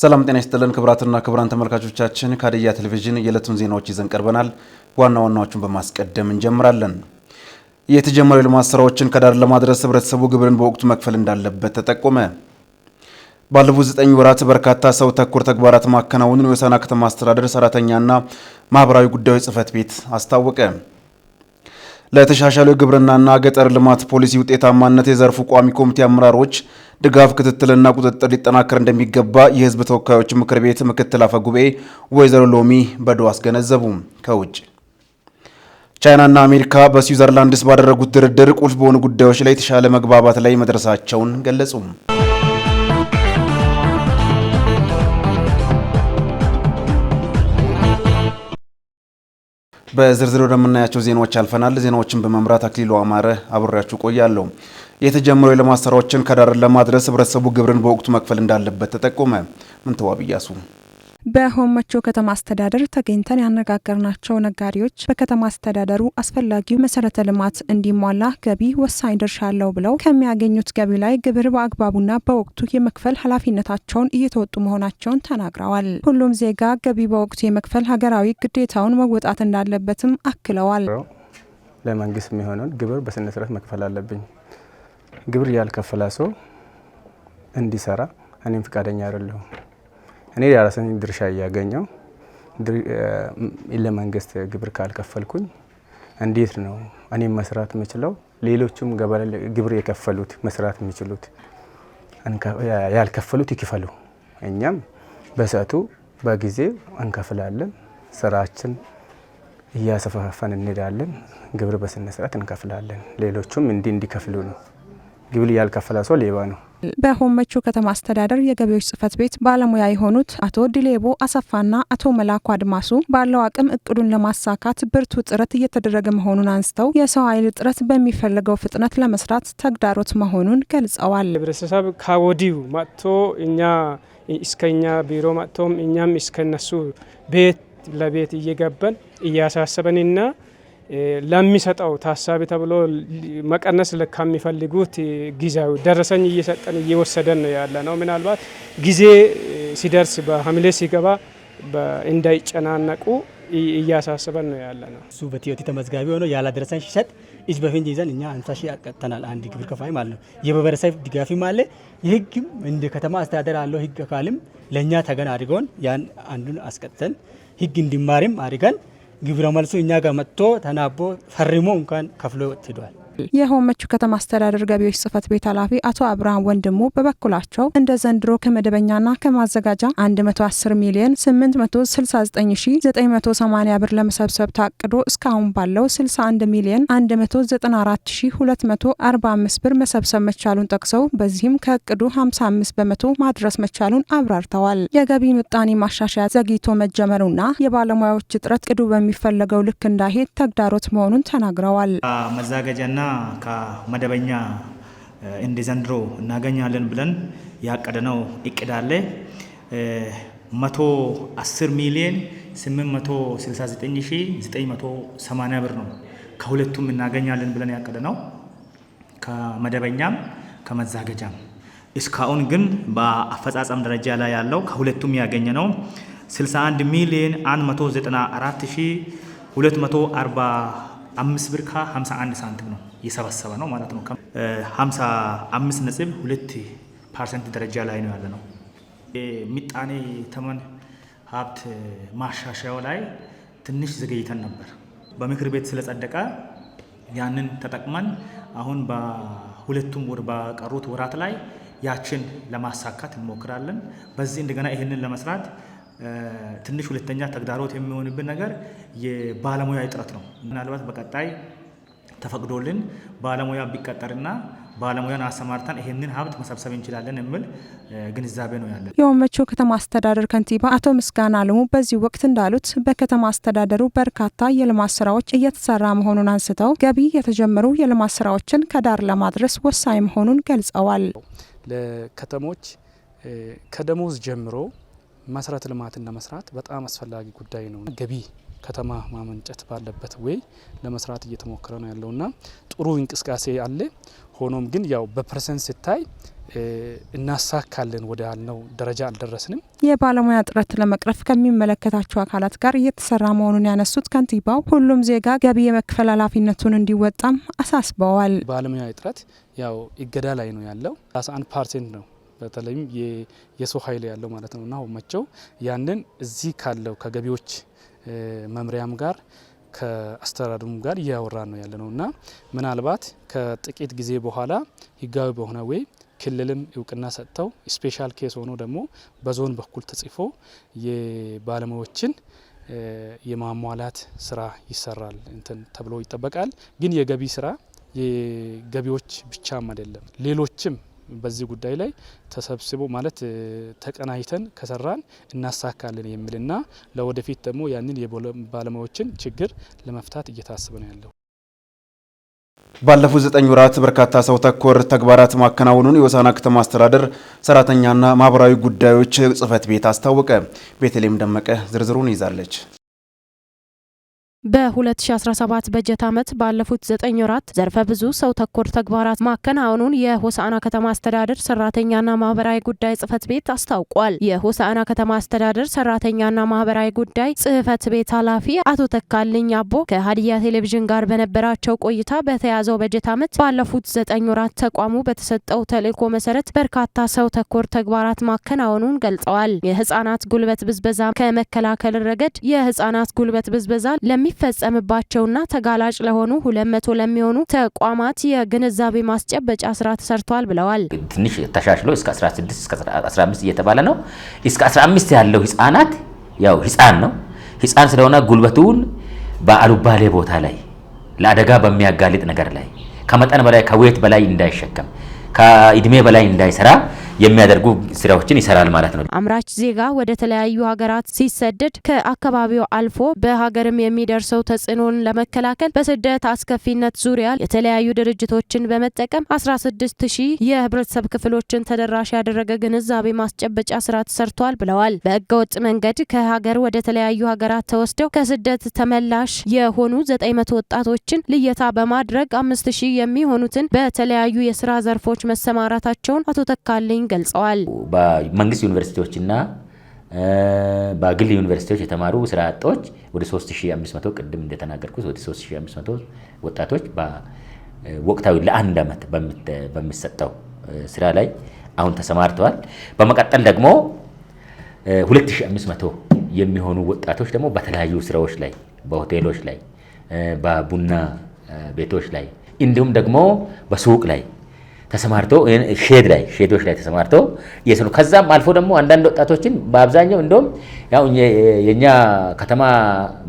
ሰላም ጤና ይስጥልን ክብራትና ክብራን ተመልካቾቻችን ከአደያ ቴሌቪዥን የዕለቱን ዜናዎች ይዘን ቀርበናል። ዋና ዋናዎቹን በማስቀደም እንጀምራለን። የተጀመሩ የልማት ስራዎችን ከዳር ለማድረስ ህብረተሰቡ ግብርን በወቅቱ መክፈል እንዳለበት ተጠቆመ። ባለፉት ዘጠኝ ወራት በርካታ ሰው ተኮር ተግባራት ማከናወኑን የሆሳዕና ከተማ አስተዳደር ሰራተኛና ማህበራዊ ጉዳዮች ጽህፈት ቤት አስታወቀ። ለተሻሻለው የግብርናና ገጠር ልማት ፖሊሲ ውጤታማነት የዘርፉ ቋሚ ኮሚቴ አመራሮች ድጋፍ፣ ክትትልና ቁጥጥር ሊጠናከር እንደሚገባ የህዝብ ተወካዮች ምክር ቤት ምክትል አፈ ጉባኤ ወይዘሮ ሎሚ በዶ አስገነዘቡ። ከውጭ ቻይናና አሜሪካ በስዊዘርላንድስ ባደረጉት ድርድር ቁልፍ በሆኑ ጉዳዮች ላይ የተሻለ መግባባት ላይ መድረሳቸውን ገለጹ። በዝርዝር ወደምናያቸው ዜናዎች አልፈናል። ዜናዎችን በመምራት አክሊሉ አማረ አብሬያችሁ ቆያለሁ። የተጀመሩ የልማት ስራዎችን ከዳር ለማድረስ ህብረተሰቡ ግብርን በወቅቱ መክፈል እንዳለበት ተጠቆመ። ምንተዋብ እያሱ በሆመቾ ከተማ አስተዳደር ተገኝተን ያነጋገርናቸው ነጋዴዎች በከተማ አስተዳደሩ አስፈላጊው መሰረተ ልማት እንዲሟላ ገቢ ወሳኝ ድርሻ አለው ብለው ከሚያገኙት ገቢ ላይ ግብር በአግባቡና በወቅቱ የመክፈል ኃላፊነታቸውን እየተወጡ መሆናቸውን ተናግረዋል። ሁሉም ዜጋ ገቢ በወቅቱ የመክፈል ሀገራዊ ግዴታውን መወጣት እንዳለበትም አክለዋል። ለመንግስት የሚሆነውን ግብር በስነስርዓት መክፈል አለብኝ። ግብር ያልከፈለ ሰው እንዲሰራ እኔም ፈቃደኛ አይደለሁም። እኔ የራሴን ድርሻ እያገኘው ለመንግስት ግብር ካልከፈልኩኝ እንዴት ነው እኔም መስራት የምችለው? ሌሎችም ግብር የከፈሉት መስራት የሚችሉት ያልከፈሉት ይክፈሉ። እኛም በሰቱ በጊዜ እንከፍላለን። ስራችን እያሰፋፈን እንሄዳለን። ግብር በስነስርዓት እንከፍላለን። ሌሎቹም እንዲ እንዲከፍሉ ነው። ግብር ያልከፈለ ሰው ሌባ ነው። በሆመቹ ከተማ አስተዳደር የገቢዎች ጽህፈት ቤት ባለሙያ የሆኑት አቶ ዲሌቦ አሰፋና አቶ መላኩ አድማሱ ባለው አቅም እቅዱን ለማሳካት ብርቱ ጥረት እየተደረገ መሆኑን አንስተው የሰው ኃይል እጥረት በሚፈለገው ፍጥነት ለመስራት ተግዳሮት መሆኑን ገልጸዋል። ህብረተሰብ ከወዲሁ መጥቶ እኛ እስከኛ ቢሮ መጥቶም እኛም እስከነሱ ቤት ለቤት እየገባን እያሳሰበንና ለሚሰጠው ታሳቢ ተብሎ መቀነስ ከሚፈልጉት ጊዜያዊ ደረሰኝ እየሰጠን እየወሰደን ነው ያለ ነው። ምናልባት ጊዜ ሲደርስ በሐምሌ ሲገባ እንዳይጨናነቁ እያሳስበን ነው ያለ ነው። እሱ በቲዮቲ ተመዝጋቢ ሆኖ ያለ ደረሰኝ ሲሰጥ እጅ በፍንጅ ይዘን እኛ አንሳ ሺ ያቀጥተናል። አንድ ግብር ከፋይ ማለት ነው። የማህበረሰብ ድጋፊም አለ። የህግም እንደ ከተማ አስተዳደር አለው ህግ አካልም ለእኛ ተገን አድርገውን ያን አንዱን አስቀጥተን ህግ እንዲማርም አድርገን ግብረ መልሱ እኛ ጋር መጥቶ ተናቦ ፈርሞ እንኳን ከፍሎ ትዷል። የሆመቹ ከተማ አስተዳደር ገቢዎች ጽህፈት ቤት ኃላፊ አቶ አብርሃም ወንድሙ በበኩላቸው እንደ ዘንድሮ ከመደበኛና ከማዘጋጃ 110 ሚሊዮን 869980 ብር ለመሰብሰብ ታቅዶ እስካሁን ባለው 61 ሚሊዮን 194245 ብር መሰብሰብ መቻሉን ጠቅሰው በዚህም ከእቅዱ 55 በመቶ ማድረስ መቻሉን አብራርተዋል። የገቢ ምጣኔ ማሻሻያ ዘግይቶ መጀመሩና የባለሙያዎች እጥረት ቅዱ በሚፈለገው ልክ እንዳይሄድ ተግዳሮት መሆኑን ተናግረዋል። መዛገጃና ከመደበኛ እንደ ዘንድሮ እናገኛለን ብለን ያቀደነው እቅድ አለ። 110 ሚሊዮን 869980 ብር ነው። ከሁለቱም እናገኛለን ብለን ያቀደነው ከመደበኛም ከመዛገጃም። እስካሁን ግን በአፈጻጸም ደረጃ ላይ ያለው ከሁለቱም ያገኘ ነው 61 ሚሊዮን 194245 ብር ከ51 ሳንቲም ነው። እየሰበሰበ ነው ማለት ነው። 55 ነጥብ ሁለት ፐርሰንት ደረጃ ላይ ነው ያለ ነው። ምጣኔ ተመን ሀብት ማሻሻያው ላይ ትንሽ ዘገይተን ነበር። በምክር ቤት ስለጸደቀ ያንን ተጠቅመን አሁን በሁለቱም ወር በቀሩት ወራት ላይ ያችን ለማሳካት እንሞክራለን። በዚህ እንደገና ይህንን ለመስራት ትንሽ ሁለተኛ ተግዳሮት የሚሆንብን ነገር የባለሙያ እጥረት ነው። ምናልባት በቀጣይ ተፈቅዶልን ባለሙያ ቢቀጠርና ባለሙያን አሰማርተን ይህንን ሀብት መሰብሰብ እንችላለን የሚል ግንዛቤ ነው ያለን። የኦመቾ ከተማ አስተዳደር ከንቲባ አቶ ምስጋና አለሙ በዚህ ወቅት እንዳሉት በከተማ አስተዳደሩ በርካታ የልማት ስራዎች እየተሰራ መሆኑን አንስተው ገቢ የተጀመሩ የልማት ስራዎችን ከዳር ለማድረስ ወሳኝ መሆኑን ገልጸዋል። ለከተሞች ከደሞዝ ጀምሮ መሰረተ ልማትን ለመስራት በጣም አስፈላጊ ጉዳይ ነው። ገቢ ከተማ ማመንጨት ባለበት ወይ ለመስራት እየተሞከረ ነው ያለውና ጥሩ እንቅስቃሴ አለ። ሆኖም ግን ያው በፐርሰንት ስታይ እናሳካለን ወደ ደረጃ አልደረስንም። የባለሙያ እጥረት ለመቅረፍ ከሚመለከታቸው አካላት ጋር እየተሰራ መሆኑን ያነሱት ከንቲባው ሁሉም ዜጋ ገቢ የመክፈል ኃላፊነቱን እንዲወጣም አሳስበዋል። ባለሙያ ጥረት ያው እገዳ ላይ ነው ያለው 11 ፐርሰንት ነው በተለይም የሰው ኃይል ያለው ማለት ነው እና መቸው ያንን እዚህ ካለው ከገቢዎች መምሪያም ጋር ከአስተዳደሩም ጋር እያወራ ነው ያለ ነው እና ምናልባት ከጥቂት ጊዜ በኋላ ህጋዊ በሆነ ወይ ክልልም እውቅና ሰጥተው ስፔሻል ኬስ ሆኖ ደግሞ በዞን በኩል ተጽፎ የባለሙያዎችን የማሟላት ስራ ይሰራል እንትን ተብሎ ይጠበቃል። ግን የገቢ ስራ የገቢዎች ብቻም አይደለም ሌሎችም በዚህ ጉዳይ ላይ ተሰብስቦ ማለት ተቀናጅተን ከሰራን እናሳካለን የሚልና ለወደፊት ደግሞ ያንን የባለሙያዎችን ችግር ለመፍታት እየታሰበ ነው ያለው። ባለፉት ዘጠኝ ወራት በርካታ ሰው ተኮር ተግባራት ማከናወኑን የሆሳዕና ከተማ አስተዳደር ሰራተኛና ማህበራዊ ጉዳዮች ጽህፈት ቤት አስታወቀ። ቤተልሔም ደመቀ ዝርዝሩን ይዛለች። በ2017 በጀት ዓመት ባለፉት ዘጠኝ ወራት ዘርፈ ብዙ ሰው ተኮር ተግባራት ማከናወኑን የሆሳዕና ከተማ አስተዳደር ሰራተኛና ማህበራዊ ጉዳይ ጽህፈት ቤት አስታውቋል። የሆሳዕና ከተማ አስተዳደር ሰራተኛና ማህበራዊ ጉዳይ ጽህፈት ቤት ኃላፊ አቶ ተካልኝ አቦ ከሀዲያ ቴሌቪዥን ጋር በነበራቸው ቆይታ በተያዘው በጀት ዓመት ባለፉት ዘጠኝ ወራት ተቋሙ በተሰጠው ተልእኮ መሰረት በርካታ ሰው ተኮር ተግባራት ማከናወኑን ገልጸዋል። የህጻናት ጉልበት ብዝበዛ ከመከላከል ረገድ የህጻናት ጉልበት ብዝበዛ ለሚ ለሚፈጸምባቸውና ተጋላጭ ለሆኑ ሁለት መቶ ለሚሆኑ ተቋማት የግንዛቤ ማስጨበጫ ስራ ተሰርቷል ብለዋል። ትንሽ ተሻሽሎ እስከ 16 እስከ 15 እየተባለ ነው። እስከ 15 ያለው ህጻናት ያው ህጻን ነው። ህጻን ስለሆነ ጉልበቱን በአሉባሌ ቦታ ላይ ለአደጋ በሚያጋልጥ ነገር ላይ ከመጠን በላይ ከዌት በላይ እንዳይሸከም ከእድሜ በላይ እንዳይሰራ የሚያደርጉ ስራዎችን ይሰራል ማለት ነው። አምራች ዜጋ ወደ ተለያዩ ሀገራት ሲሰደድ ከአካባቢው አልፎ በሀገርም የሚደርሰው ተጽዕኖን ለመከላከል በስደት አስከፊነት ዙሪያ የተለያዩ ድርጅቶችን በመጠቀም 16 ሺህ የህብረተሰብ ክፍሎችን ተደራሽ ያደረገ ግንዛቤ ማስጨበጫ ስራ ተሰርቷል ብለዋል። በህገወጥ መንገድ ከሀገር ወደ ተለያዩ ሀገራት ተወስደው ከስደት ተመላሽ የሆኑ 900 ወጣቶችን ልየታ በማድረግ ሺህ የሚሆኑትን በተለያዩ የስራ ዘርፎች መሰማራታቸውን አቶ ተካልኝ ገልጸዋል። በመንግስት ዩኒቨርሲቲዎችና በግል ዩኒቨርሲቲዎች የተማሩ ስራ አጦች ወደ 3500 ቅድም እንደተናገርኩት ወደ 3500 ወጣቶች ወቅታዊ ለአንድ ዓመት በሚሰጠው ስራ ላይ አሁን ተሰማርተዋል። በመቀጠል ደግሞ 2500 የሚሆኑ ወጣቶች ደግሞ በተለያዩ ስራዎች ላይ በሆቴሎች ላይ፣ በቡና ቤቶች ላይ እንዲሁም ደግሞ በሱቅ ላይ ተሰማርተው ሼድ ላይ ሼዶች ላይ ተሰማርተው እየሰሩ ከዛም አልፎ ደግሞ አንዳንድ ወጣቶችን በአብዛኛው እንደውም ያው የእኛ ከተማ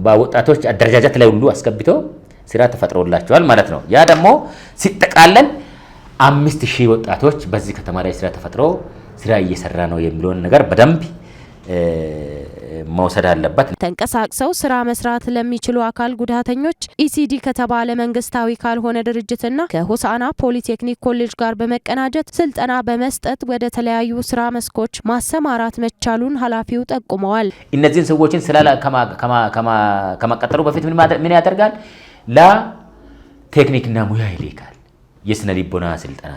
በወጣቶች አደረጃጀት ላይ ሁሉ አስገብተው ስራ ተፈጥሮላቸዋል ማለት ነው። ያ ደግሞ ሲጠቃለል አምስት ሺህ ወጣቶች በዚህ ከተማ ላይ ስራ ተፈጥሮ ስራ እየሰራ ነው የሚለውን ነገር በደንብ መውሰድ አለበት። ተንቀሳቅሰው ስራ መስራት ለሚችሉ አካል ጉዳተኞች ኢሲዲ ከተባለ መንግስታዊ ካልሆነ ድርጅትና ከሆሳና ፖሊቴክኒክ ኮሌጅ ጋር በመቀናጀት ስልጠና በመስጠት ወደ ተለያዩ ስራ መስኮች ማሰማራት መቻሉን ኃላፊው ጠቁመዋል። እነዚህን ሰዎችን ስራ ከማቀጠሩ በፊት ምን ያደርጋል? ለቴክኒክና ሙያ ይልካል። የስነ ልቦና ስልጠና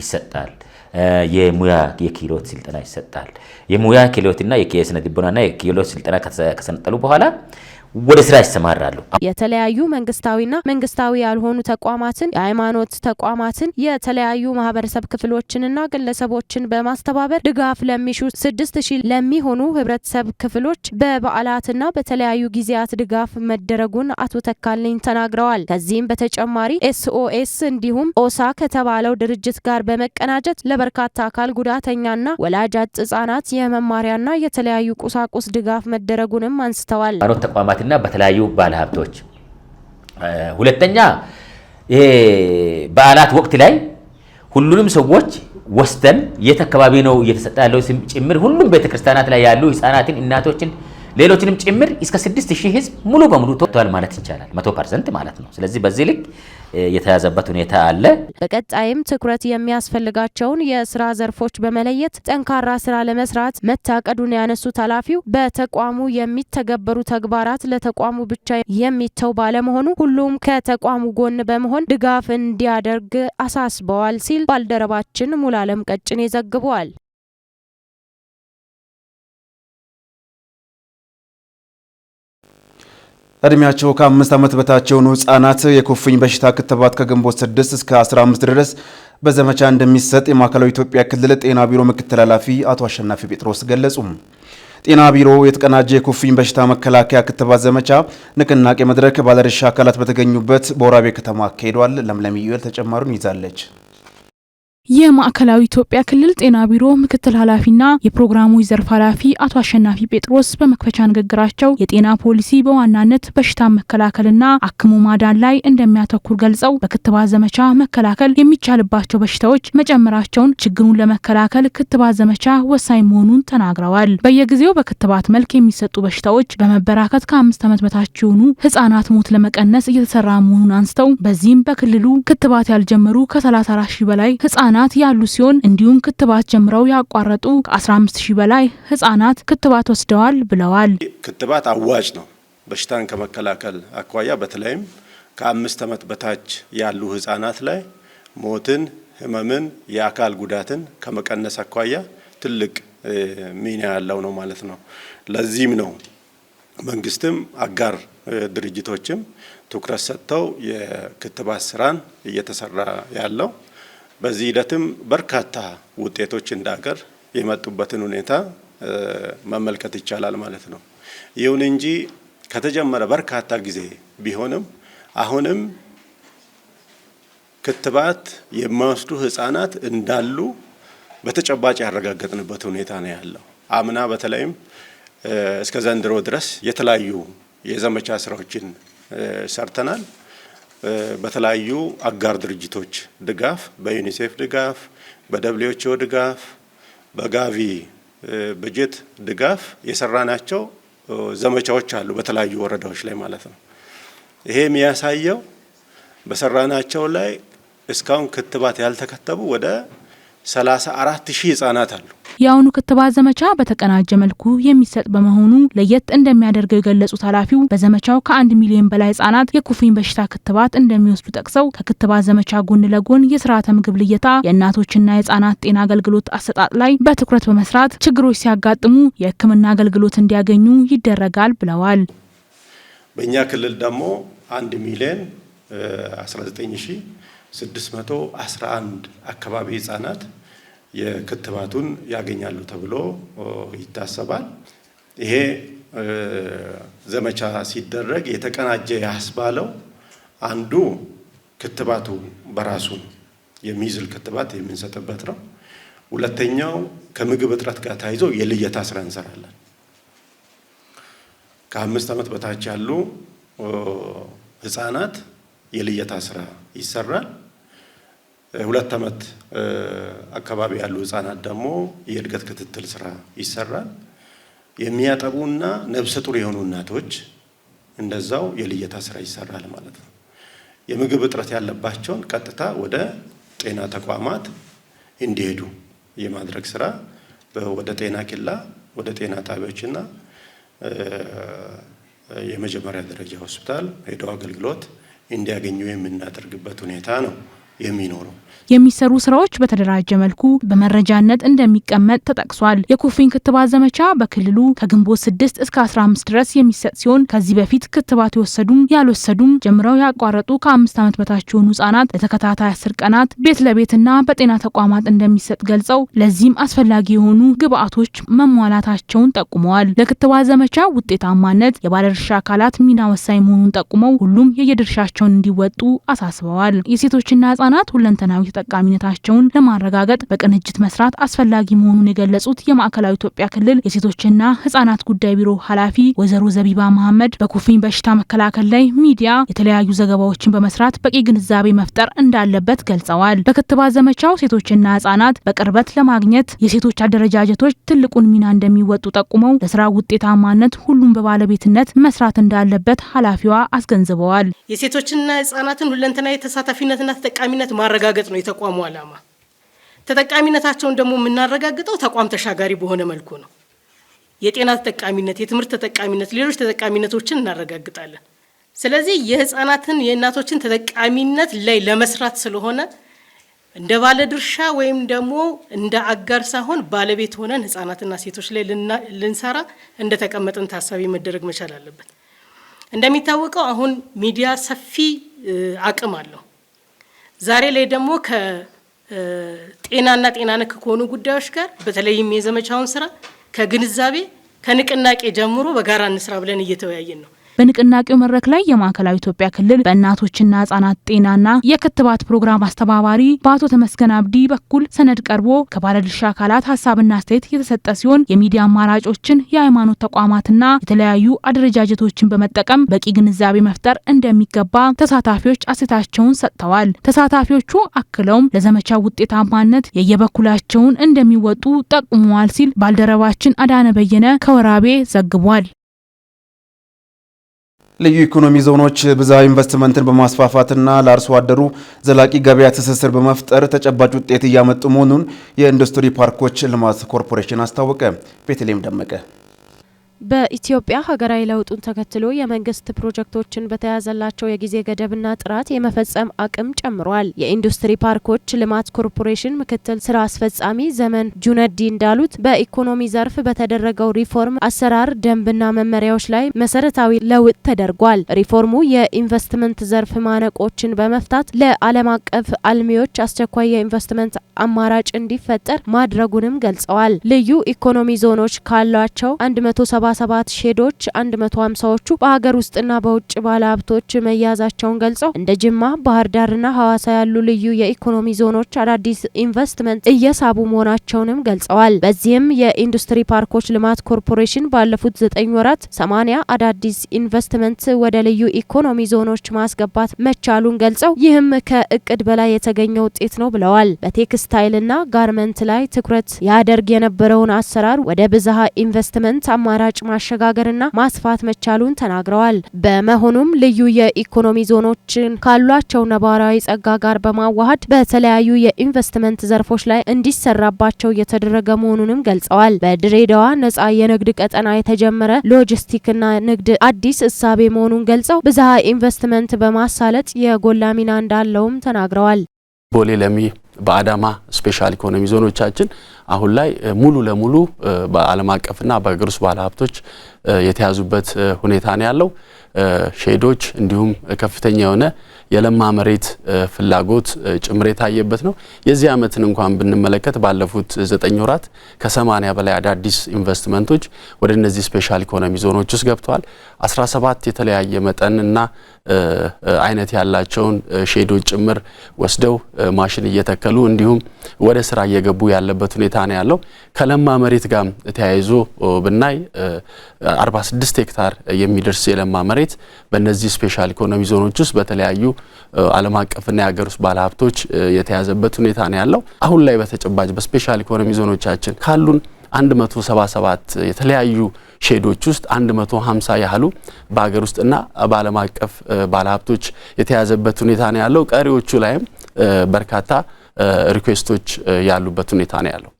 ይሰጣል። የሙያ የክህሎት ስልጠና ይሰጣል። የሙያ ክህሎትና የስነ ልቦናና የክህሎት ስልጠና ከሰነጠሉ በኋላ ወደ ስራ ይሰማራሉ። የተለያዩ መንግስታዊና መንግስታዊ ያልሆኑ ተቋማትን፣ የሃይማኖት ተቋማትን፣ የተለያዩ ማህበረሰብ ክፍሎችንና ግለሰቦችን በማስተባበር ድጋፍ ለሚሹ ስድስት ሺህ ለሚሆኑ ህብረተሰብ ክፍሎች በበዓላትና በተለያዩ ጊዜያት ድጋፍ መደረጉን አቶ ተካልኝ ተናግረዋል። ከዚህም በተጨማሪ ኤስኦኤስ እንዲሁም ኦሳ ከተባለው ድርጅት ጋር በመቀናጀት ለበርካታ አካል ጉዳተኛና ወላጅ አጥ ህጻናት የመማሪያና የተለያዩ ቁሳቁስ ድጋፍ መደረጉንም አንስተዋል። ባንክና በተለያዩ ባለሀብቶች። ሁለተኛ በዓላት ወቅት ላይ ሁሉንም ሰዎች ወስደን የት አካባቢ ነው እየተሰጠ ያለው ጭምር ሁሉም ቤተክርስቲያናት ላይ ያሉ ህፃናትን፣ እናቶችን፣ ሌሎችንም ጭምር እስከ ስድስት ሺህ ህዝብ ሙሉ በሙሉ ተወጥቷል ማለት ይቻላል። መቶ ፐርሰንት ማለት ነው። ስለዚህ በዚህ ልክ የተያዘበት ሁኔታ አለ። በቀጣይም ትኩረት የሚያስፈልጋቸውን የስራ ዘርፎች በመለየት ጠንካራ ስራ ለመስራት መታቀዱን ያነሱት ኃላፊው በተቋሙ የሚተገበሩ ተግባራት ለተቋሙ ብቻ የሚተው ባለመሆኑ ሁሉም ከተቋሙ ጎን በመሆን ድጋፍ እንዲያደርግ አሳስበዋል ሲል ባልደረባችን ሙላለም ቀጭኔ ዘግቧል። እድሜያቸው ከአምስት ዓመት በታች የሆኑ ህጻናት የኩፍኝ በሽታ ክትባት ከግንቦት 6 እስከ 15 ድረስ በዘመቻ እንደሚሰጥ የማዕከላዊ ኢትዮጵያ ክልል ጤና ቢሮ ምክትል ኃላፊ አቶ አሸናፊ ጴጥሮስ ገለጹ። ጤና ቢሮ የተቀናጀ የኩፍኝ በሽታ መከላከያ ክትባት ዘመቻ ንቅናቄ መድረክ ባለድርሻ አካላት በተገኙበት በወራቤ ከተማ አካሂዷል። ለምለም ዩኤል ተጨማሪውን ይዛለች። የማዕከላዊ ኢትዮጵያ ክልል ጤና ቢሮ ምክትል ኃላፊና የፕሮግራሞች ዘርፍ ኃላፊ አቶ አሸናፊ ጴጥሮስ በመክፈቻ ንግግራቸው የጤና ፖሊሲ በዋናነት በሽታ መከላከልና አክሞ ማዳን ላይ እንደሚያተኩር ገልጸው በክትባት ዘመቻ መከላከል የሚቻልባቸው በሽታዎች መጨመራቸውን፣ ችግሩን ለመከላከል ክትባት ዘመቻ ወሳኝ መሆኑን ተናግረዋል። በየጊዜው በክትባት መልክ የሚሰጡ በሽታዎች በመበራከት ከአምስት ዓመት በታች የሆኑ ህጻናት ሞት ለመቀነስ እየተሰራ መሆኑን አንስተው በዚህም በክልሉ ክትባት ያልጀመሩ ከ34 ሺህ በላይ ህጻናት ህጻናት ያሉ ሲሆን እንዲሁም ክትባት ጀምረው ያቋረጡ ከ15 ሺህ በላይ ህጻናት ክትባት ወስደዋል ብለዋል። ክትባት አዋጭ ነው። በሽታን ከመከላከል አኳያ በተለይም ከአምስት ዓመት በታች ያሉ ህጻናት ላይ ሞትን፣ ህመምን፣ የአካል ጉዳትን ከመቀነስ አኳያ ትልቅ ሚና ያለው ነው ማለት ነው። ለዚህም ነው መንግስትም አጋር ድርጅቶችም ትኩረት ሰጥተው የክትባት ስራን እየተሰራ ያለው። በዚህ ሂደትም በርካታ ውጤቶች እንደ ሀገር የመጡበትን ሁኔታ መመልከት ይቻላል ማለት ነው። ይሁን እንጂ ከተጀመረ በርካታ ጊዜ ቢሆንም አሁንም ክትባት የማይወስዱ ህጻናት እንዳሉ በተጨባጭ ያረጋገጥንበት ሁኔታ ነው ያለው። አምና በተለይም እስከ ዘንድሮ ድረስ የተለያዩ የዘመቻ ስራዎችን ሰርተናል። በተለያዩ አጋር ድርጅቶች ድጋፍ፣ በዩኒሴፍ ድጋፍ፣ በደብሊውኤችኦ ድጋፍ፣ በጋቪ በጀት ድጋፍ የሰራናቸው ዘመቻዎች አሉ፣ በተለያዩ ወረዳዎች ላይ ማለት ነው። ይሄ የሚያሳየው በሰራናቸው ላይ እስካሁን ክትባት ያልተከተቡ ወደ 34 ሺህ ህጻናት አሉ። የአሁኑ ክትባት ዘመቻ በተቀናጀ መልኩ የሚሰጥ በመሆኑ ለየት እንደሚያደርገው የገለጹት ኃላፊው በዘመቻው ከአንድ ሚሊዮን በላይ ህጻናት የኩፍኝ በሽታ ክትባት እንደሚወስዱ ጠቅሰው ከክትባት ዘመቻ ጎን ለጎን የስርዓተ ምግብ ልየታ፣ የእናቶችና የህጻናት ጤና አገልግሎት አሰጣጥ ላይ በትኩረት በመስራት ችግሮች ሲያጋጥሙ የህክምና አገልግሎት እንዲያገኙ ይደረጋል ብለዋል። በእኛ ክልል ደግሞ አንድ ሚሊዮን 19 ሺህ 611 አካባቢ ህጻናት የክትባቱን ያገኛሉ ተብሎ ይታሰባል። ይሄ ዘመቻ ሲደረግ የተቀናጀ ያስባለው አንዱ ክትባቱ በራሱ የሚዝል ክትባት የምንሰጥበት ነው። ሁለተኛው ከምግብ እጥረት ጋር ተያይዞ የልየታ ስራ እንሰራለን። ከአምስት ዓመት በታች ያሉ ህጻናት የልየታ ስራ ይሰራል። ሁለት ዓመት አካባቢ ያሉ ህጻናት ደግሞ የእድገት ክትትል ስራ ይሰራል። የሚያጠቡና ነብሰ ጡር የሆኑ እናቶች እንደዛው የልየታ ስራ ይሰራል ማለት ነው። የምግብ እጥረት ያለባቸውን ቀጥታ ወደ ጤና ተቋማት እንዲሄዱ የማድረግ ስራ ወደ ጤና ኬላ፣ ወደ ጤና ጣቢያዎችና የመጀመሪያ ደረጃ ሆስፒታል ሄደው አገልግሎት እንዲያገኙ የምናደርግበት ሁኔታ ነው። የሚኖረው። የሚሰሩ ስራዎች በተደራጀ መልኩ በመረጃነት እንደሚቀመጥ ተጠቅሷል። የኩፍኝ ክትባት ዘመቻ በክልሉ ከግንቦት 6 እስከ 15 ድረስ የሚሰጥ ሲሆን ከዚህ በፊት ክትባት የወሰዱም ያልወሰዱም ጀምረው ያቋረጡ ከአምስት ዓመት በታች የሆኑ ህጻናት ለተከታታይ አስር ቀናት ቤት ለቤትና በጤና ተቋማት እንደሚሰጥ ገልጸው ለዚህም አስፈላጊ የሆኑ ግብአቶች መሟላታቸውን ጠቁመዋል። ለክትባት ዘመቻ ውጤታማነት የባለድርሻ አካላት ሚና ወሳኝ መሆኑን ጠቁመው ሁሉም የየድርሻቸውን እንዲወጡ አሳስበዋል። የሴቶችና ህጻናት ሁለንተናዊ ተጠቃሚነታቸውን ለማረጋገጥ በቅንጅት መስራት አስፈላጊ መሆኑን የገለጹት የማዕከላዊ ኢትዮጵያ ክልል የሴቶችና ህጻናት ጉዳይ ቢሮ ኃላፊ ወይዘሮ ዘቢባ መሐመድ በኩፍኝ በሽታ መከላከል ላይ ሚዲያ የተለያዩ ዘገባዎችን በመስራት በቂ ግንዛቤ መፍጠር እንዳለበት ገልጸዋል። በክትባት ዘመቻው ሴቶችና ህጻናት በቅርበት ለማግኘት የሴቶች አደረጃጀቶች ትልቁን ሚና እንደሚወጡ ጠቁመው ለስራ ውጤታማነት ሁሉም በባለቤትነት መስራት እንዳለበት ኃላፊዋ አስገንዝበዋል። የሴቶችና ህጻናትን ሁለንተናዊ ተሳታፊነትና ተጠቃሚ ተጠቃሚነት ማረጋገጥ ነው የተቋሙ ዓላማ። ተጠቃሚነታቸውን ደግሞ የምናረጋግጠው ተቋም ተሻጋሪ በሆነ መልኩ ነው። የጤና ተጠቃሚነት፣ የትምህርት ተጠቃሚነት፣ ሌሎች ተጠቃሚነቶችን እናረጋግጣለን። ስለዚህ የህፃናትን የእናቶችን ተጠቃሚነት ላይ ለመስራት ስለሆነ እንደ ባለ ድርሻ ወይም ደግሞ እንደ አጋር ሳይሆን ባለቤት ሆነን ህፃናትና ሴቶች ላይ ልንሰራ እንደተቀመጥን ታሳቢ መደረግ መቻል አለበት። እንደሚታወቀው አሁን ሚዲያ ሰፊ አቅም አለው። ዛሬ ላይ ደግሞ ከጤናና ጤና ነክ ከሆኑ ጉዳዮች ጋር በተለይም የዘመቻውን ስራ ከግንዛቤ ከንቅናቄ ጀምሮ በጋራ እንስራ ብለን እየተወያየን ነው። በንቅናቄው መድረክ ላይ የማዕከላዊ ኢትዮጵያ ክልል በእናቶችና ህጻናት ጤናና የክትባት ፕሮግራም አስተባባሪ በአቶ ተመስገን አብዲ በኩል ሰነድ ቀርቦ ከባለድርሻ አካላት ሀሳብና አስተያየት የተሰጠ ሲሆን የሚዲያ አማራጮችን የሃይማኖት ተቋማትና የተለያዩ አደረጃጀቶችን በመጠቀም በቂ ግንዛቤ መፍጠር እንደሚገባ ተሳታፊዎች አስተያየታቸውን ሰጥተዋል። ተሳታፊዎቹ አክለውም ለዘመቻ ውጤታማነት የየበኩላቸውን እንደሚወጡ ጠቁመዋል ሲል ባልደረባችን አዳነ በየነ ከወራቤ ዘግቧል። ልዩ ኢኮኖሚ ዞኖች ብዝሃ ኢንቨስትመንትን በማስፋፋትና ለአርሶ አደሩ ዘላቂ ገበያ ትስስር በመፍጠር ተጨባጭ ውጤት እያመጡ መሆኑን የኢንዱስትሪ ፓርኮች ልማት ኮርፖሬሽን አስታወቀ። ቤተልሔም ደመቀ በኢትዮጵያ ሀገራዊ ለውጡን ተከትሎ የመንግስት ፕሮጀክቶችን በተያዘላቸው የጊዜ ገደብና ጥራት የመፈጸም አቅም ጨምሯል። የኢንዱስትሪ ፓርኮች ልማት ኮርፖሬሽን ምክትል ስራ አስፈጻሚ ዘመን ጁነዲ እንዳሉት በኢኮኖሚ ዘርፍ በተደረገው ሪፎርም አሰራር፣ ደንብና መመሪያዎች ላይ መሰረታዊ ለውጥ ተደርጓል። ሪፎርሙ የኢንቨስትመንት ዘርፍ ማነቆችን በመፍታት ለዓለም አቀፍ አልሚዎች አስቸኳይ የኢንቨስትመንት አማራጭ እንዲፈጠር ማድረጉንም ገልጸዋል። ልዩ ኢኮኖሚ ዞኖች ካሏቸው 17 47 ሼዶች 150ዎቹ በሀገር ውስጥና በውጭ ባለ ሀብቶች መያዛቸውን ገልጸው እንደ ጅማ፣ ባህር ዳርና ሀዋሳ ያሉ ልዩ የኢኮኖሚ ዞኖች አዳዲስ ኢንቨስትመንት እየሳቡ መሆናቸውንም ገልጸዋል። በዚህም የኢንዱስትሪ ፓርኮች ልማት ኮርፖሬሽን ባለፉት ዘጠኝ ወራት 80 አዳዲስ ኢንቨስትመንት ወደ ልዩ ኢኮኖሚ ዞኖች ማስገባት መቻሉን ገልጸው ይህም ከእቅድ በላይ የተገኘ ውጤት ነው ብለዋል። በቴክስታይልና ጋርመንት ላይ ትኩረት ያደርግ የነበረውን አሰራር ወደ ብዝሃ ኢንቨስትመንት አማራጭ አማራጭ ማሸጋገርና ማስፋት መቻሉን ተናግረዋል። በመሆኑም ልዩ የኢኮኖሚ ዞኖችን ካሏቸው ነባራዊ ጸጋ ጋር በማዋሃድ በተለያዩ የኢንቨስትመንት ዘርፎች ላይ እንዲሰራባቸው እየተደረገ መሆኑንም ገልጸዋል። በድሬዳዋ ነጻ የንግድ ቀጠና የተጀመረ ሎጂስቲክና ንግድ አዲስ እሳቤ መሆኑን ገልጸው ብዝሃ ኢንቨስትመንት በማሳለጥ የጎላ ሚና እንዳለውም ተናግረዋል። ቦሌ ለሚ በአዳማ ስፔሻል ኢኮኖሚ ዞኖቻችን አሁን ላይ ሙሉ ለሙሉ በዓለም አቀፍና በሀገር ውስጥ ባለሀብቶች የተያዙበት ሁኔታ ነው ያለው። ሼዶች እንዲሁም ከፍተኛ የሆነ የለማ መሬት ፍላጎት ጭምር የታየበት ነው። የዚህ ዓመትን እንኳን ብንመለከት ባለፉት ዘጠኝ ወራት ከሰማኒያ በላይ አዳዲስ ኢንቨስትመንቶች ወደ እነዚህ ስፔሻል ኢኮኖሚ ዞኖች ውስጥ ገብተዋል። ሰባት የተለያየ መጠንና አይነት ያላቸውን ሼዶች ጭምር ወስደው ማሽን እየተከሉ እንዲሁም ወደ ስራ እየገቡ ያለበት ሁኔታ ነው ያለው። ከለማ መሬት ጋር ተያይዞ ብናይ 46 ሄክታር የሚደርስ የለማ መሬት በእነዚህ ስፔሻል ኢኮኖሚ ዞኖች ውስጥ በተለያዩ ዓለም አቀፍና የሀገር ውስጥ ባለሀብቶች የተያዘበት ሁኔታ ነው ያለው። አሁን ላይ በተጨባጭ በስፔሻል ኢኮኖሚ ዞኖቻችን ካሉን 177 የተለያዩ ሼዶች ውስጥ 150 ያህሉ በሀገር ውስጥና በዓለም አቀፍ ባለሀብቶች የተያዘበት ሁኔታ ነው ያለው። ቀሪዎቹ ላይም በርካታ ሪኩዌስቶች ያሉበት ሁኔታ ነው ያለው።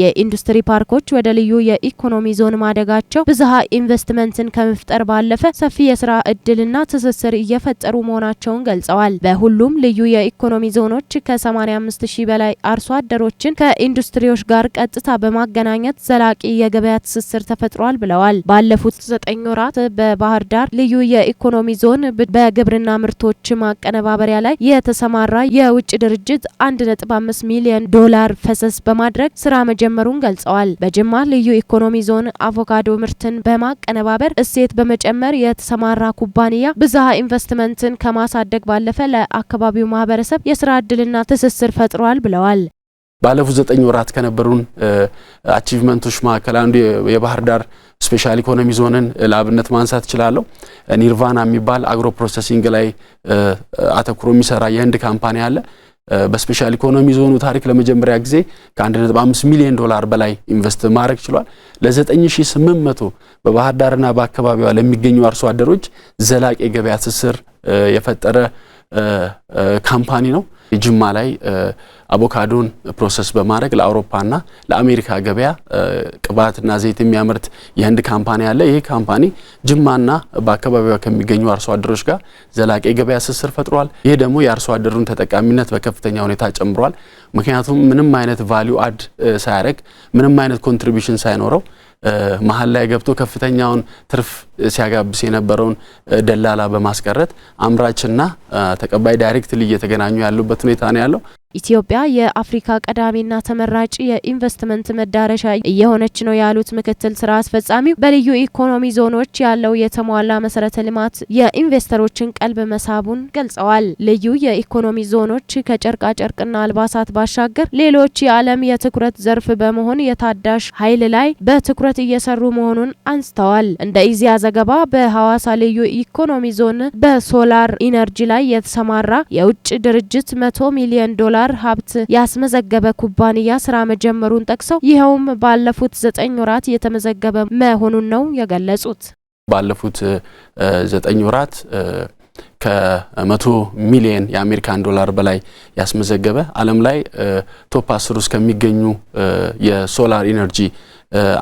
የኢንዱስትሪ ፓርኮች ወደ ልዩ የኢኮኖሚ ዞን ማደጋቸው ብዝሃ ኢንቨስትመንትን ከመፍጠር ባለፈ ሰፊ የስራ እድልና ትስስር እየፈጠሩ መሆናቸውን ገልጸዋል። በሁሉም ልዩ የኢኮኖሚ ዞኖች ከ85 ሺህ በላይ አርሶ አደሮችን ከኢንዱስትሪዎች ጋር ቀጥታ በማገናኘት ዘላቂ የገበያ ትስስር ተፈጥሯል ብለዋል። ባለፉት ዘጠኝ ወራት በባህር ዳር ልዩ የኢኮኖሚ ዞን በግብርና ምርቶች ማቀነባበሪያ ላይ የተሰማራ የውጭ ድርጅት 1.5 ሚሊዮን ዶላር ፈሰስ በማድረግ ስራ መጀመሩን ገልጸዋል። በጅማ ልዩ ኢኮኖሚ ዞን አቮካዶ ምርትን በማቀነባበር እሴት በመጨመር የተሰማራ ኩባንያ ብዝሃ ኢንቨስትመንትን ከማሳደግ ባለፈ ለአካባቢው ማህበረሰብ የስራ እድልና ትስስር ፈጥሯል ብለዋል። ባለፉት ዘጠኝ ወራት ከነበሩን አቺቭመንቶች መካከል አንዱ የባህር ዳር ስፔሻል ኢኮኖሚ ዞንን ለአብነት ማንሳት እችላለሁ። ኒርቫና የሚባል አግሮ ፕሮሰሲንግ ላይ አተኩሮ የሚሰራ የህንድ ካምፓኒ አለ። በስፔሻል ኢኮኖሚ ዞኑ ታሪክ ለመጀመሪያ ጊዜ ከ1.5 ሚሊዮን ዶላር በላይ ኢንቨስት ማድረግ ችሏል። ለ9800 በባህር ዳርና በአካባቢዋ ለሚገኙ አርሶ አደሮች ዘላቂ የገበያ ትስስር የፈጠረ ካምፓኒ ነው። ጅማ ላይ አቮካዶን ፕሮሰስ በማድረግ ለአውሮፓና ለአሜሪካ ገበያ ቅባትና ዘይት የሚያመርት የህንድ ካምፓኒ አለ። ይህ ካምፓኒ ጅማና በአካባቢዋ ከሚገኙ አርሶ አደሮች ጋር ዘላቂ ገበያ ስስር ፈጥሯል። ይህ ደግሞ የአርሶ አደሩን ተጠቃሚነት በከፍተኛ ሁኔታ ጨምሯል። ምክንያቱም ምንም አይነት ቫሊዩ አድ ሳያደርግ ምንም አይነት ኮንትሪቢሽን ሳይኖረው መሀል ላይ ገብቶ ከፍተኛውን ትርፍ ሲያጋብስ የነበረውን ደላላ በማስቀረት አምራችና ተቀባይ ዳይሬክትሊ እየተገናኙ ያሉበት ሁኔታ ነው ያለው። ኢትዮጵያ የአፍሪካ ቀዳሚና ተመራጭ የኢንቨስትመንት መዳረሻ እየሆነች ነው ያሉት ምክትል ስራ አስፈጻሚው በልዩ ኢኮኖሚ ዞኖች ያለው የተሟላ መሰረተ ልማት የኢንቨስተሮችን ቀልብ መሳቡን ገልጸዋል። ልዩ የኢኮኖሚ ዞኖች ከጨርቃጨርቅና አልባሳት ባሻገር ሌሎች የዓለም የትኩረት ዘርፍ በመሆን የታዳሽ ኃይል ላይ በትኩረት እየሰሩ መሆኑን አንስተዋል። እንደ ኢዜአ ዘገባ በሐዋሳ ልዩ ኢኮኖሚ ዞን በሶላር ኢነርጂ ላይ የተሰማራ የውጭ ድርጅት መቶ ሚሊዮን ዶላር ዶላር ሀብት ያስመዘገበ ኩባንያ ስራ መጀመሩን ጠቅሰው ይኸውም ባለፉት ዘጠኝ ወራት የተመዘገበ መሆኑን ነው የገለጹት። ባለፉት ዘጠኝ ወራት ከመቶ ሚሊየን የአሜሪካን ዶላር በላይ ያስመዘገበ ዓለም ላይ ቶፕ አስር ውስጥ ከሚገኙ የሶላር ኢነርጂ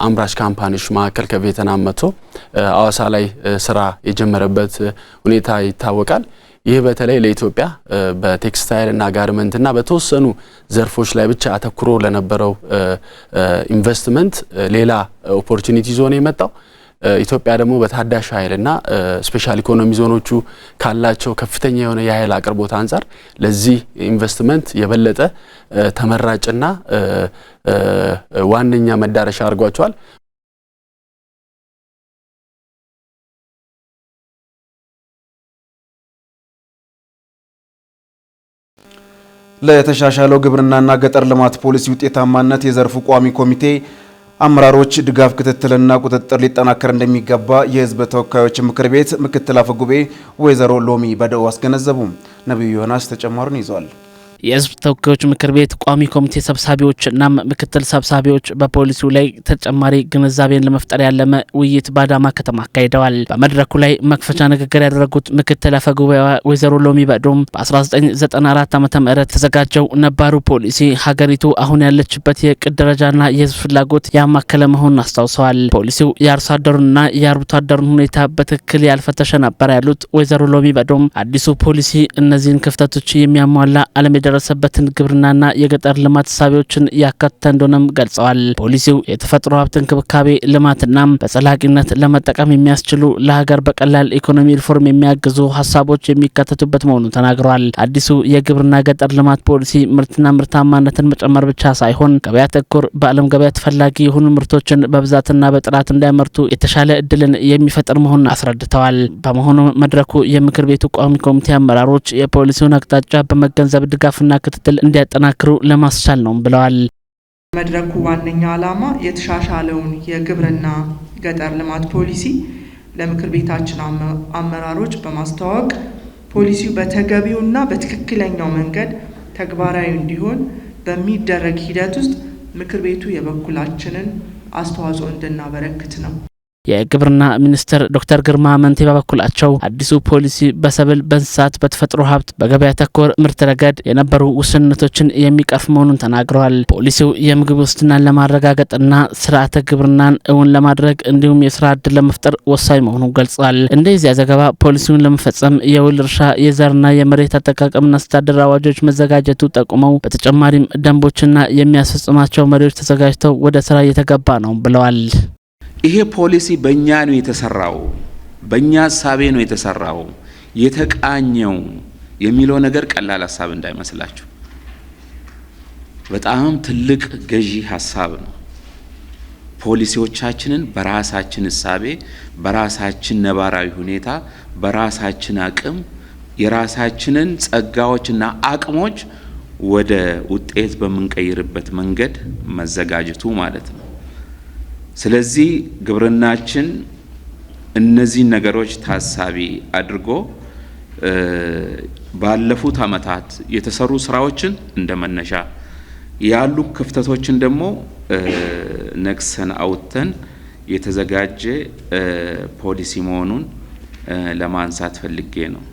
አምራች ካምፓኒዎች መካከል ከቬትናም መጥቶ አዋሳ ላይ ስራ የጀመረበት ሁኔታ ይታወቃል። ይህ በተለይ ለኢትዮጵያ በቴክስታይል እና ጋርመንት እና በተወሰኑ ዘርፎች ላይ ብቻ አተኩሮ ለነበረው ኢንቨስትመንት ሌላ ኦፖርቹኒቲ ዞን የመጣው ኢትዮጵያ ደግሞ በታዳሽ ኃይልና ስፔሻል ኢኮኖሚ ዞኖቹ ካላቸው ከፍተኛ የሆነ የኃይል አቅርቦት አንጻር ለዚህ ኢንቨስትመንት የበለጠ ተመራጭና ዋነኛ መዳረሻ አድርጓቸዋል። ለተሻሻለው ግብርናና ገጠር ልማት ፖሊሲ ውጤታማነት የዘርፉ ቋሚ ኮሚቴ አመራሮች ድጋፍ፣ ክትትልና ቁጥጥር ሊጠናከር እንደሚገባ የህዝብ ተወካዮች ምክር ቤት ምክትል አፈ ጉባኤ ወይዘሮ ሎሚ በደው አስገነዘቡ። ነቢዩ ዮናስ ተጨማሩን ይዟል። የህዝብ ተወካዮች ምክር ቤት ቋሚ ኮሚቴ ሰብሳቢዎች ምክትል ሰብሳቢዎች በፖሊሲው ላይ ተጨማሪ ግንዛቤን ለመፍጠር ያለመ ውይይት በአዳማ ከተማ አካሂደዋል። በመድረኩ ላይ መክፈቻ ንግግር ያደረጉት ምክትል አፈ ጉባኤዋ ወይዘሮ ሎሚ በዶም በ1994 ዓ ም ተዘጋጀው ነባሩ ፖሊሲ ሀገሪቱ አሁን ያለችበት የቅድ ደረጃና የህዝብ ፍላጎት ያማከለ መሆኑን አስታውሰዋል። ፖሊሲው የአርሶ አደሩንና የአርብቶ አደሩን ሁኔታ በትክክል ያልፈተሸ ነበር ያሉት ወይዘሮ ሎሚ በዶም አዲሱ ፖሊሲ እነዚህን ክፍተቶች የሚያሟላ አለመ የደረሰበትን ግብርናና የገጠር ልማት ሳቢዎችን ያካተተ እንደሆነም ገልጸዋል። ፖሊሲው የተፈጥሮ ሀብት እንክብካቤ ልማትና በጸላቂነት ለመጠቀም የሚያስችሉ ለሀገር በቀላል ኢኮኖሚ ሪፎርም የሚያግዙ ሀሳቦች የሚካተቱበት መሆኑን ተናግረዋል። አዲሱ የግብርና ገጠር ልማት ፖሊሲ ምርትና ምርታማነትን መጨመር ብቻ ሳይሆን ገበያ ተኮር፣ በዓለም ገበያ ተፈላጊ የሆኑ ምርቶችን በብዛትና በጥራት እንዲያመርቱ የተሻለ እድልን የሚፈጥር መሆኑን አስረድተዋል። በመሆኑ መድረኩ የምክር ቤቱ ቋሚ ኮሚቴ አመራሮች የፖሊሲውን አቅጣጫ በመገንዘብ ድጋፍ ድጋፍና ክትትል እንዲያጠናክሩ ለማስቻል ነው ብለዋል። መድረኩ ዋነኛ ዓላማ የተሻሻለውን የግብርና ገጠር ልማት ፖሊሲ ለምክር ቤታችን አመራሮች በማስተዋወቅ ፖሊሲው በተገቢውና በትክክለኛው መንገድ ተግባራዊ እንዲሆን በሚደረግ ሂደት ውስጥ ምክር ቤቱ የበኩላችንን አስተዋጽኦ እንድናበረክት ነው። የግብርና ሚኒስትር ዶክተር ግርማ መንቴ በበኩላቸው አዲሱ ፖሊሲ በሰብል፣ በእንስሳት፣ በተፈጥሮ ሀብት፣ በገበያ ተኮር ምርት ረገድ የነበሩ ውስንነቶችን የሚቀፍ መሆኑን ተናግረዋል። ፖሊሲው የምግብ ዋስትናን ለማረጋገጥና ስርዓተ ግብርናን እውን ለማድረግ እንዲሁም የስራ እድል ለመፍጠር ወሳኝ መሆኑን ገልጿል። እንደዚያ ዘገባ ፖሊሲውን ለመፈጸም የውል እርሻ፣ የዘርና የመሬት አጠቃቀምና አስተዳደር አዋጆች መዘጋጀቱ ጠቁመው በተጨማሪም ደንቦችና የሚያስፈጽማቸው መሪዎች ተዘጋጅተው ወደ ስራ እየተገባ ነው ብለዋል። ይሄ ፖሊሲ በእኛ ነው የተሰራው፣ በእኛ ሀሳቤ ነው የተሰራው የተቃኘው የሚለው ነገር ቀላል ሀሳብ እንዳይመስላችሁ። በጣም ትልቅ ገዢ ሀሳብ ነው። ፖሊሲዎቻችንን በራሳችን እሳቤ፣ በራሳችን ነባራዊ ሁኔታ፣ በራሳችን አቅም የራሳችንን ጸጋዎችና አቅሞች ወደ ውጤት በምንቀይርበት መንገድ መዘጋጀቱ ማለት ነው። ስለዚህ ግብርናችን እነዚህን ነገሮች ታሳቢ አድርጎ ባለፉት ዓመታት የተሰሩ ስራዎችን እንደ መነሻ ያሉ ክፍተቶችን ደግሞ ነቅሰን አውጥተን የተዘጋጀ ፖሊሲ መሆኑን ለማንሳት ፈልጌ ነው።